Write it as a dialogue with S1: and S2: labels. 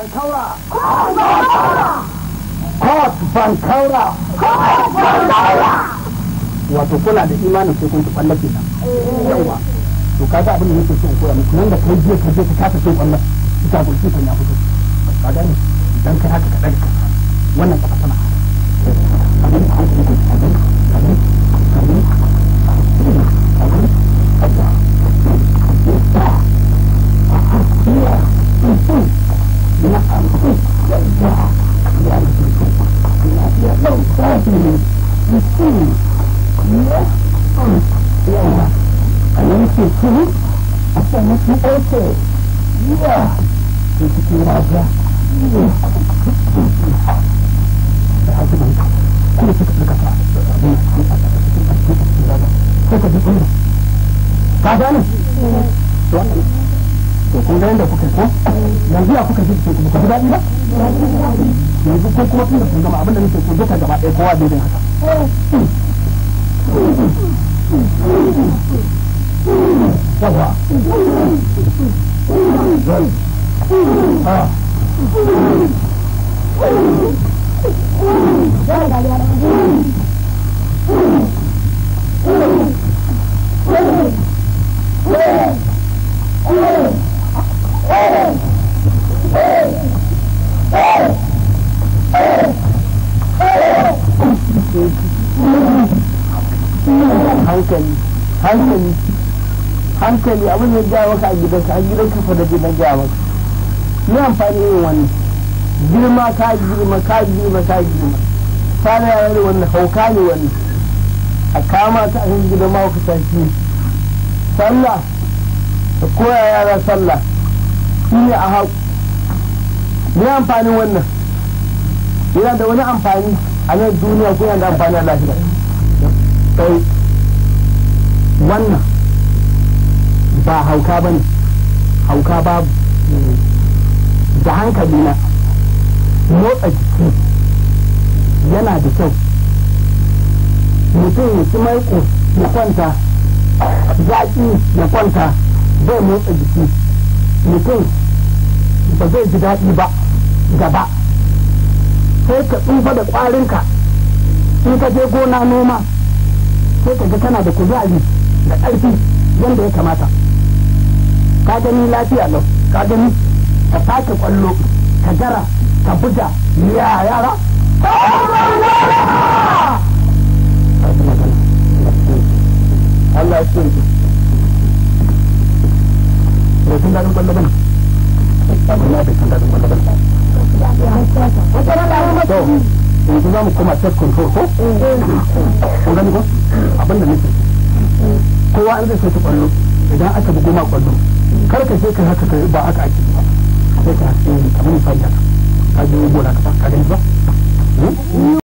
S1: bankaura court bankaura court bankaura wato kuna da imanin sai kun tuɓalla ke nan yawa to ka ga abin da nake so in koya muku nan da kai je ka je ka kasa cin ƙwallon ita gurki kan ya fito ka gane idan kai haka ka ɗaga ka wannan kafa sana'a Tá vendo? Sim. to kun ga yadda kuka ko yanzu ya kuka ji ku ku daɗi ba yanzu ko kuma tun da kun gama abinda nake gaba ɗaya kowa daidai Oh! hankali hankali hankali abin da jawo ka a gidanka a gidanka fa da na jawo ka ni amfani yin wani girma ka girma ka girma ka girma fara yawar wani hauka ne wani a kama ta a yin gidan ma ka tashi sallah da koya yara sallah shi ne a hau ni amfanin wannan yana da wani amfani a nan duniya ko yana da amfani a lafiya wannan ba hauka ba ne hauka babu da hankali na motsa jiki yana da kyau mutum ya ci maiko ya kwanta zaƙi ya kwanta zai motsa jiki mutum ba zai ji daɗi ba gaba sai ka tsufa da ƙwarinka in ka je gona noma sai ka ga kana da kuzari da ƙarfi yadda ya kamata ka gani lafiya lau ka gani ka sake kwallo ka gara ka buga ya yara Allah ya ce Ne za mu koma test control ko? Eh, eh. kowa an zai sai ta kwallo idan aka bugu ma kwallo kar ka sai ka haka ba haka ake ba sai ka haka kamar misali haka ka je gona ka ba ka gani ba hmm?